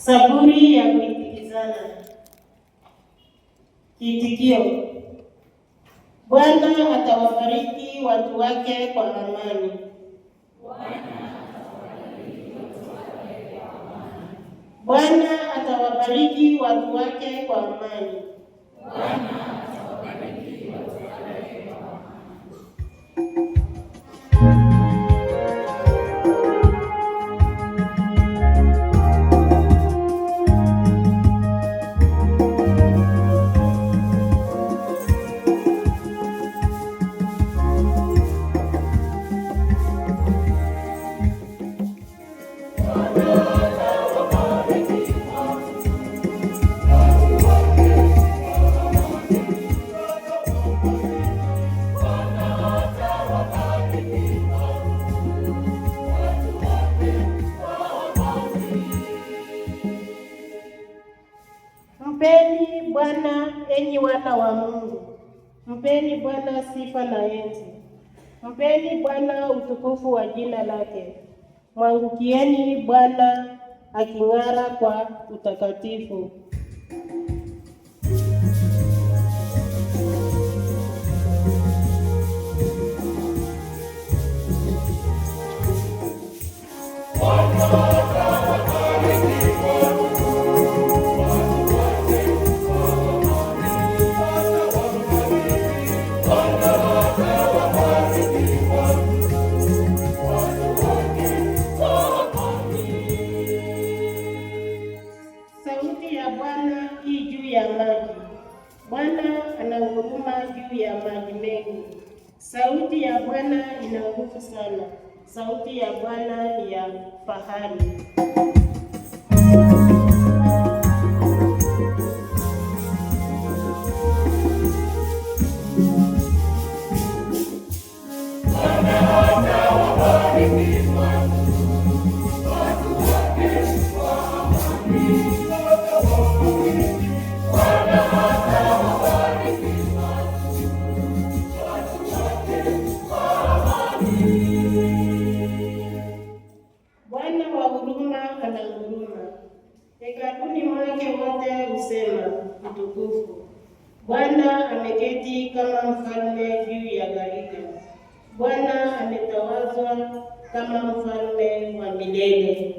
Zaburi ya kuitikizana. Kiitikio: Bwana atawafariki watu wake kwa amani. Bwana atawabariki watu wake kwa amani. Bwana enyi wana wa Mungu, mpeni Bwana sifa na enzi, mpeni Bwana utukufu wa jina lake. Mwangukieni Bwana aking'ara kwa utakatifu. maji. Bwana ana huruma juu ya maji mengi. Sauti ya Bwana ina nguvu sana. Sauti ya Bwana ni ya fahari. Bwana wote husema utukufu. Bwana ameketi kama mfalme juu ya gharika. Bwana ametawazwa kama mfalme wa milele.